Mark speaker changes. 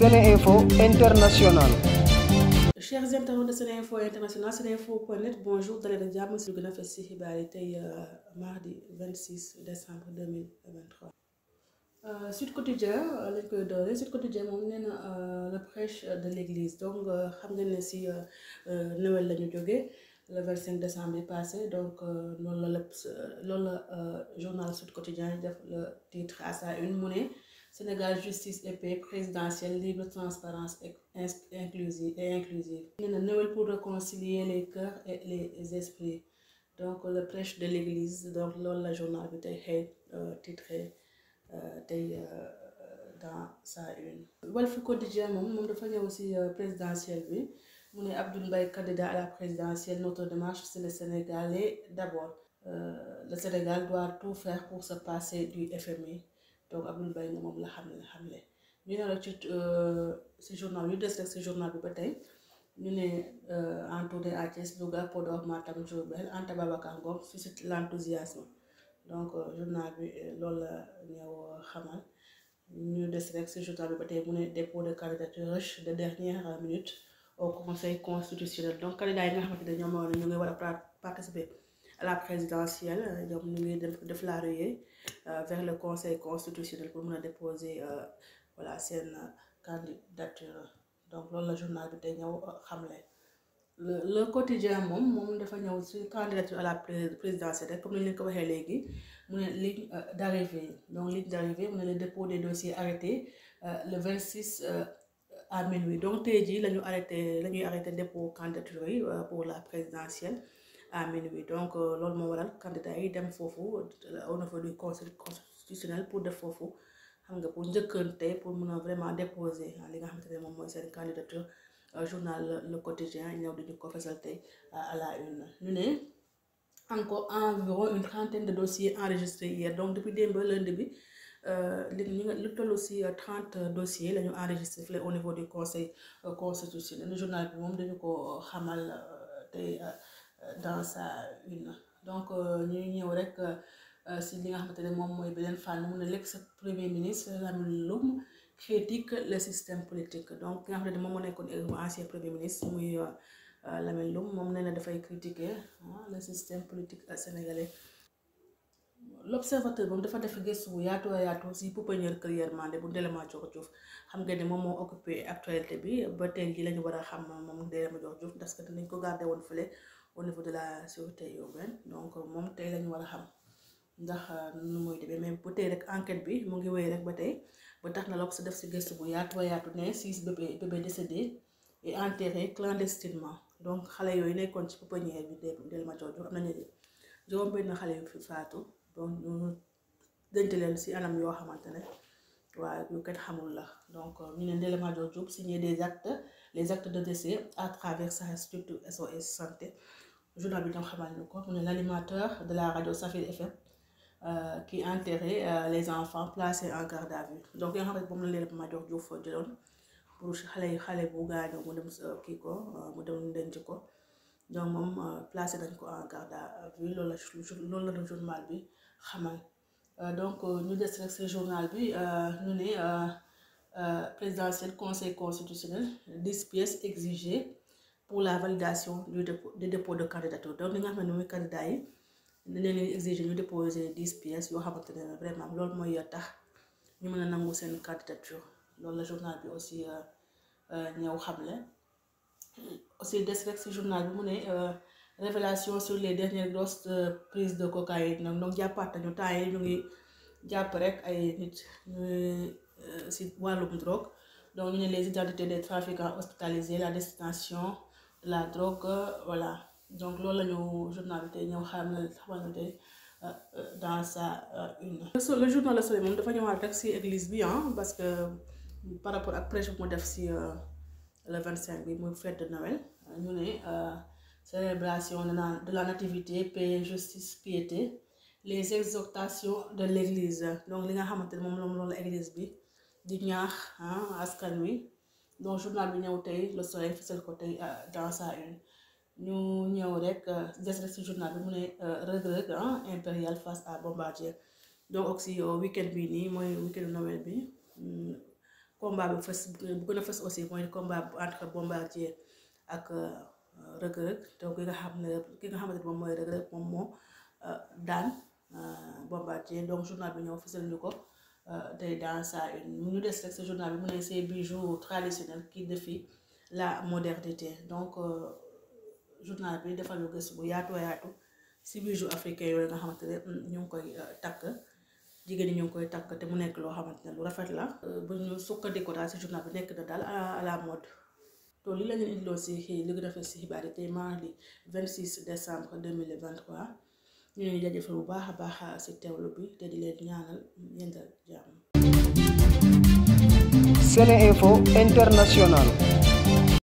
Speaker 1: Sénéinfo International. chers internautes de Sénéinfo International sénéinfo.net bonjour dalal ak jàmm si lu gën a fës si yi tey mardi 26 décembre 2023. Euh, Sud Quotidien euh, lañ koy doole Sud Quotidien moom nee na euh, la prêche de l'église donc xam nga ne si Noël la ñu jógee le 25 décembre bi passé donc loolu la lépp loolu la journal Sud Quotidien def le titre à une mu Sénégal justice et paix présidentielle libre transparence et inclusive et inclusive nee na Noël pour réconcilier les cœurs et les esprits donc le prêche de l'église donc loolu la journal bi tey xëy euh, titré euh, tey euh, dans sa une Walf Quotidien moom moom dafa ñëw si présidentielle bi mu ne Abdoul Mbaye candidat à la présidentielle notre démarche c'est le Sénégalais d'abord le Sénégal doit tout faire pour se passer du FMI donc Abdoul Mbaye moom la xam ne xam ne ñu ne la ci si euh, journal ñu des ba tey ñu ne euh, en tournée à Thiès Louga Podor Matam Diourbel Anta Babacar Ngom suscite l'enthousiasme donc euh, journal bi loolu la ñëw xamal ñu des mu de candidature rush de dernière minute au conseil constitutionnel donc candidat yi nga xamante ngi war a participer à la présidentielle ñoom ñu ngi def la ruée Euh, vers le conseil constitutionnel pour mën a déposer euh, voilà seen euh, candidature donc loolu la journal bi tey ñëw xamle le le quotidien moom moom dafa ñëw si candidature à la présidentielle rek comme ni ñu ko waxee léegi mu ne ligne d'arrivée donc ligne d'arrivée mu ne le dépôt des dossiers arrêtés le 26 à minuit donc jii la ñu arrêté la ñuy arrêté dépôt candidature yi pour la présidentielle. à minuit donc euh, loolu moo waral candidat yi dem foofu au niveau du conseil constitutionnel pour def foofu xam nga pour njëkkante pour mun a vraiment déposer li nga xamante ne moom mooy seen candidature euh, journal le quotidien ñëw di ñu ko fesal tey euh, à la une ñu ne encore environ une trentaine de dossiers enregistrés hier donc depuis démb lundi bi li ñu lu toll si trente dossiers la ñu enregistré fële au niveau du conseil constitutionnel le journal bi moom dañu ko xamal tey. dans sa une donc euh, ñu ñëw rek euh, si li nga xamante ne moom mooy beneen fànn mu ne l'ex premier ministre Lamine Loum critique le système politique donc ki nga xamante ne moom moo nekkoon ancien premier ministre muy euh, Lamine Loum moom nee na dafay critiquer le système politique sénégalais l'observateur moom dafa def gëstu bu yaatu yaatu si pouponnière Kër bu Ndella Madior Diouf xam nga ne moom moo occupé actualité bi ba tey jii la ñu war a xam moom Ndella Madior Diouf parce ko gardé woon fële. au niveau de la sûreté urbaine donc moom tey lañu war a xam ndax euh, nu mooy demee mais bu tey rek enquête bi mu ngi wéy rek ba tey ba tax na la ko si def si gëstu bu yaatu ba yaatu ne six bébé bébé décédé et clandestinement donc xale yooyu nekkoon ci pouponnière bi del ma cooju am nañu juróom benn xale yu fi faatu donc ñu dënte leen si anam yoo xamante ne waaw ñu kenn xamul la donc euh, ñu ne Ndella Madior Diop signé des actes les actes de décès à travers sa structure SOS santé journal bi ñoo xamal ñu ko mu ne l'animateur de la radio Safir FM euh, qui enterrait euh, les enfants placés en garde à vue donc yoo xam ne moom la Ndella pour xale yi xale bu gaañoo mu dem kii ko mu dem denc ko donc moom placé nañ ko en garde à vue loolu la loolu la journal bi xamal. Euh, donc euh, ñu des rek ce journal bi euh, ñu ne présidentiel conseil constitutionnel dix pièces exigées pour la validation du dépôt des dépôts de candidature donc li nga xam ne mooy candidat yi ne leen leen exiger ñu déposer dix pièces yoo xamante ne vraiment loolu mooy tax ñu mën a nangu seen candidature loolu la journal bi aussi ñëw xamle aussi des rek si journal bi mu ne. révélation su les dernières grosses prises de cocaïne nag donc jàppaat nañu temps yi ñu ngi jàpp rek ay nit si euh, wàllum drogue donc ñu ne les identités des trafiquants hospitalisés la destination la drogue euh, voilà donc loolu la ñu journal ñëw xam ne xamal euh, dans sa une. le journal Le Soleil moom dafa ñëwaat rek si église bi ah parce que par rapport ak prêche bu mu def si le 25 bi muy fête de ñu ne. célébration de la nativité paix justice piété les exhortations de l'église donc li nga xamante ne moom la loolu église bi di ñaax askan wi donc journal bi ñëw tey le soleil fësal ko tey euh, dans une ñu ñëw rek euh, des rek si journal bi mu ne Reug-Reug impérial face à Bombardier donc aussi weekend bi nii mooy weekend Noël bi hmm, combat bu fës bu gën a fës aussi mooy combat bu entre Bombardier ak euh, rëg-rëg donc ki nga xam ne ki nga xamante ne moom mooy rëg-rëg moom moo euh, daan euh, Bombardier donc journal bi ñëw fësal ñu ko euh, tey dans sa une ñu des rek sa journal bi mu ne ces bijoux traditionnels qui défient la modernité donc journal bi defal ñu gëstu bu yaatu yaatu si bijoux africain yooyu nga xamante ne hmm, ñu ngi koy takk jigéen ñi ñu ngi koy takk te mu nekk loo xamante ne lu rafet la bu ñu sukkandiku daal si journal bi nekk na daal à la mode loolu li la leen indiloo si xëy li ko defee si xibaar yi tey mardi 26 décembre 2023 ñu leen jaajëfal bu baax a baax si teewlu bi te di leen ñaanal yendal jàmm. Sene Info International.